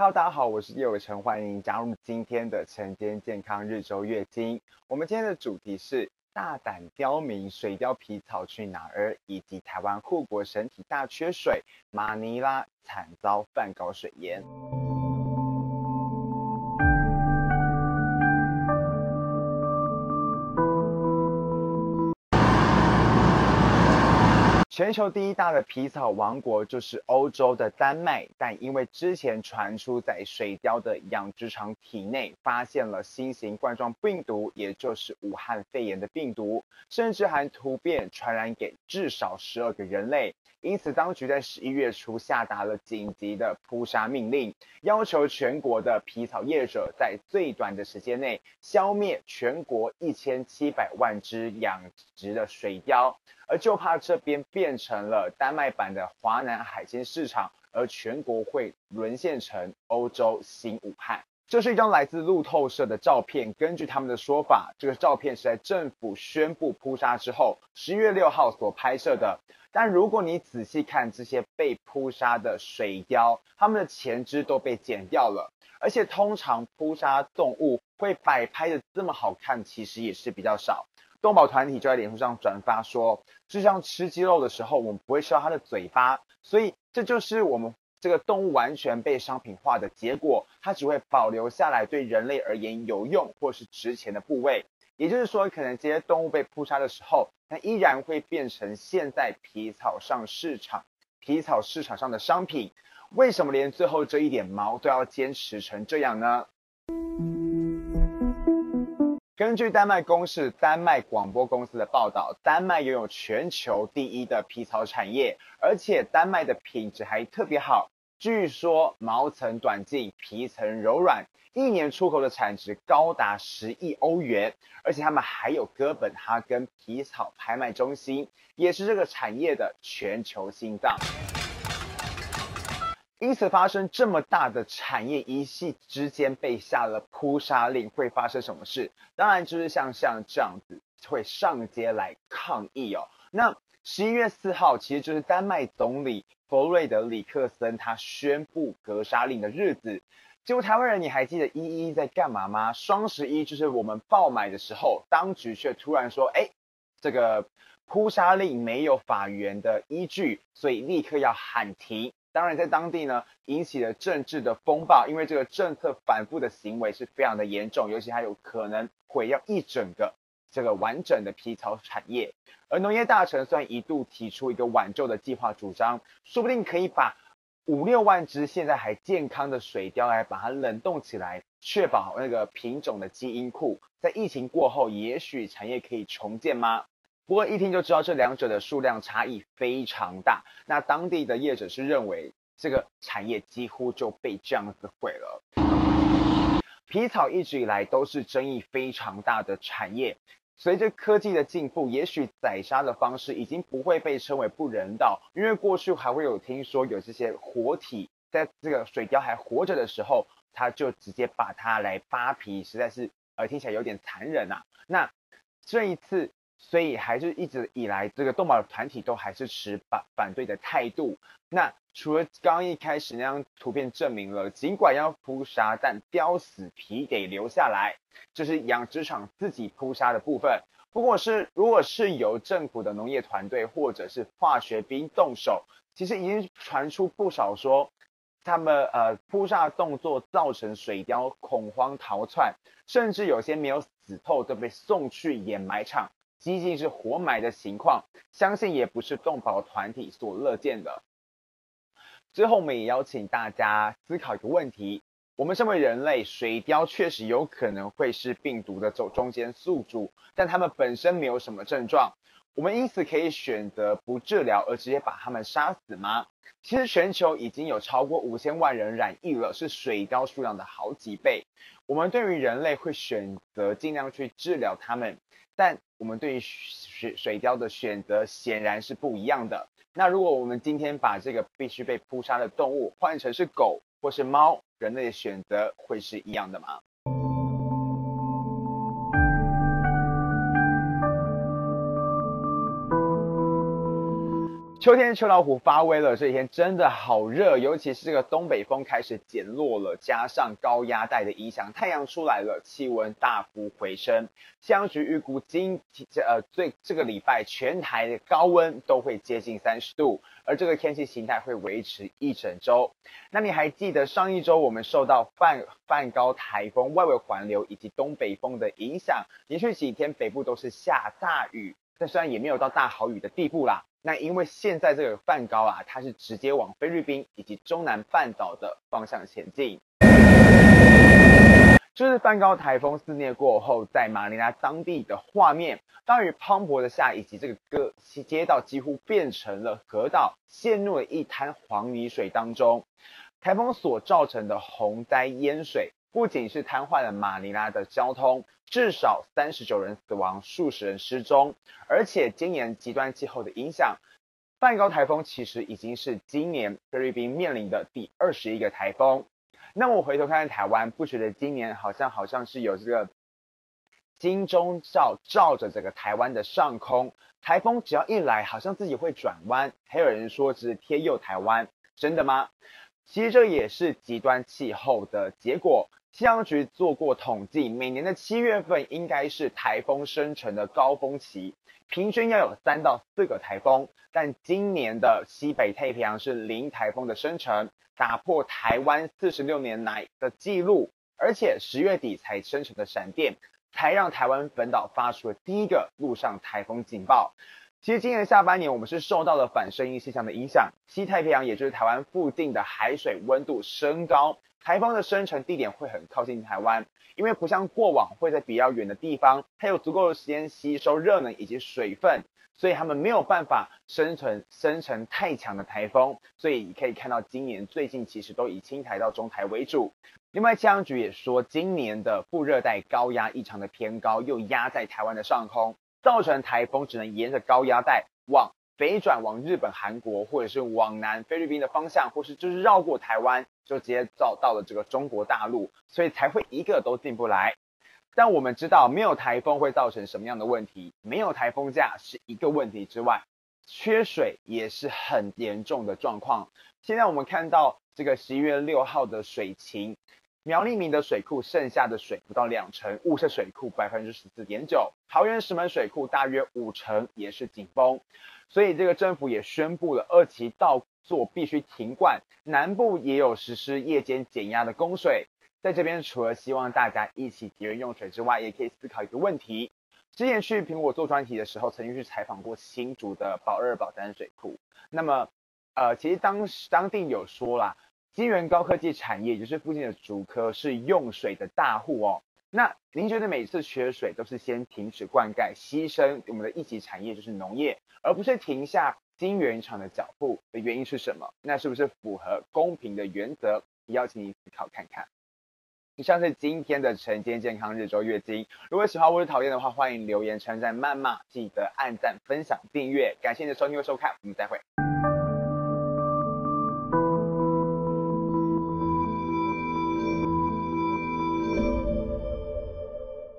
Hello，大家好，我是葉偉成，歡迎您加入今天的晨間健康日周月經。我們今天的主題是大膽刁民水貂皮草去哪兒，以及台灣護國神體大缺水，馬尼拉慘遭梵高水淹。全球第一大的皮草王國就是歐洲的丹麥，但因為之前傳出在水貂的養殖場體內發現了新型冠狀病毒，也就是武漢肺炎的病毒，甚至還突變傳染給至少十二個人類，因此當局在十一月初下達了緊急的撲殺命令，要求全國的皮草業者在最短的時間內消滅全國一千七百萬隻養殖的水貂，而就怕這邊變成。成了丹麥版的華南海鮮市場，而全國會淪陷成歐洲新武漢。這是一張來自路透社的照片，根據他們的說法，這個照片是在政府宣布撲殺之後，十一月六號所拍攝的。但如果你仔細看這些被撲殺的水貂，它們的前肢都被剪掉了，而且通常撲殺動物會擺拍的這麼好看，其實也是比較少。動保團體就在臉書上轉發說，就像吃雞肉的時候，我們不會吃到它的嘴巴，所以這就是我們。這個動物完全被商品化的結果，它只會保留下來對人類而言有用或是值錢的部位。也就是說，可能這些動物被撲殺的時候，它依然會變成現在皮草上市場、皮草市場上的商品。為什麼連最後這一點毛都要堅持成這樣呢？根據丹麥公視丹麥廣播公司的報道，丹麥擁有全球第一的皮草產業，而且丹麥的品質還特別好。據說毛層短淨，皮層柔軟，一年出口的產值高達十億歐元，而且他們還有哥本哈根皮草拍賣中心，也是這個產業的全球心臟。因此發生這麼大的產業一夕之間被下了撲殺令，會發生什麼事？當然就是像像這樣子，會上街來抗議哦。那十一月四號其實就是丹麥總理弗瑞德里克森他宣布格殺令的日子。結果台灣人，你還記得一一在幹嘛嗎？雙十一就是我們爆買的時候，當局卻突然說：“哎，這個撲殺令沒有法源的依據，所以立刻要喊停。”當然，在當地呢，引起了政治的風暴，因為這個政策反覆的行為是非常的嚴重，尤其還有可能毀掉一整個這個完整的皮草產業。而農業大臣雖然一度提出一個挽救的計劃主張，說不定可以把五六萬隻現在還健康的水貂來把它冷凍起來，確保那個品種的基因庫。在疫情過後，也許產業可以重建嗎？不過一聽就知道這兩者的數量差異非常大，那當地的業者是認為，這個產業幾乎就被這樣子毀了。皮草一直以來都是爭議非常大的產業。隨着科技的進步，也許宰殺的方式已經不會被稱為不人道，因為過去還會有聽說有這些活體，在這個水貂還活着的時候，他就直接把它來扒皮，實在是呃，聽起來有點殘忍啊。那這一次。所以還是一直以來，這個動保團體都還是持反反對的態度。那除了剛，剛一開始那張圖片證明了，儘管要撲殺，但貂死皮給留下來，這就是養殖場自己撲殺的部分。不過是如果是由政府的農業團隊或者是化學兵動手，其實已經傳出不少說，他們呃撲殺的動作造成水貂恐慌逃竄，甚至有些沒有死透都被送去掩埋場。激進是活埋的情況，相信也不是動保團體所樂見的。最後，我們也邀請大家思考一個問題：我們身為人類，水貂確實有可能會是病毒的中中間宿主，但它們本身沒有什麼症狀。我們因此可以選擇不治療而直接把它們殺死嗎？其實全球已經有超過五千萬人染疫了，是水貂數量的好幾倍。我們對於人類會選擇盡量去治療它們，但我們對於水水貂的選擇顯然是不一樣的。那如果我們今天把這個必須被撲殺的動物換成是狗或是貓，人類的選擇會是一樣的嗎？秋天，秋老虎發威了。這幾天真的好熱，尤其是這個東北風開始減弱了，加上高壓帶的影響，太陽出來了，氣溫大幅回升。氣象局預估今呃最這個禮拜全台的高溫都會接近三十度，而這個天氣形態會維持一整週。那你還記得上一週我們受到梵梵高颱風外圍環流以及東北風的影響，連續幾天北部都是下大雨，但雖然也沒有到大豪雨的地步啦。那因為現在這個梵高啊，它是直接往菲律賓以及中南半島的方向前進。 就是梵高台風肆虐過後，在馬尼拉當地的畫面，當於磅礴的下，以及這個各西街道幾乎變成了河道，陷入了一灘黃泥水當中。台風所造成的洪災淹水，不僅是癱瘓了馬尼拉的交通。至少三十九人死亡，數十人失蹤，而且今年極端氣候的影響，梵高颱風其實已經是今年菲律賓面臨的第二十一個颱風。那麼我回頭看看台灣，不覺得今年好像好像是有這個金鐘罩罩着這個台灣的上空？颱風只要一來，好像自己會轉彎。還有人說是天佑台灣，真的嗎？其實這也是極端氣候的結果。氣象局做過統計，每年的七月份應該是颱風生成的高峰期，平均要有三到四個颱風。但今年的西北太平洋是零颱風的生成，打破台灣四十六年來的紀錄。而且十月底才生成的閃電，才讓台灣本島發出了第一個陸上颱風警報。其實今年的下半年我們是受到了反聖嬰現象的影響，西太平洋也就是台灣附近的海水溫度升高。颱風的生成地點會很靠近台灣，因為不像過往會在比較遠的地方，它有足夠的時間吸收熱能以及水分，所以他們沒有辦法生存，生成太強的颱風。所以你可以看到今年最近其實都以輕台到中台為主。另外氣象局也說，今年的副熱帶高壓異常的偏高，又壓在台灣的上空，造成颱風只能沿着高壓帶往北轉往日本、韓國，或者是往南菲律賓的方向，或是就是繞過台灣。就直接找到,到了這個中國大陸，所以才會一個都進不來。但我們知道，沒有台風會造成什麼樣的問題？沒有台風假是一個問題之外，缺水也是很嚴重的狀況。現在我們看到這個十一月六號的水情，苗栗明德水庫剩下的水不到兩成，霧社水庫百分之十四點九，桃園石門水庫大約五成也是緊繃。所以這個政府也宣布了二期稻做必須停灌，南部也有實施夜間減壓的供水。在這邊，除了希望大家一起節約用水之外，也可以思考一個問題。之前去蘋果做專題的時候，曾經去採訪過新竹的寶二寶單水庫。那麼，呃，其實當時當地有說啦，金源高科技產業，也就是附近的竹科，是用水的大戶哦。那您覺得每次缺水都是先停止灌溉，犧牲我們的一級產業，就是農業，而不是停下？金原廠的腳步的原因是什麼？那是不是符合公平的原則？邀請你思考看看。以上是今天的晨間健康日週月經。如果喜歡或是討厭的話，歡迎留言、稱讚、謾罵，記得按讚、分享、訂閱。感謝你的收聽和收看，我們再會。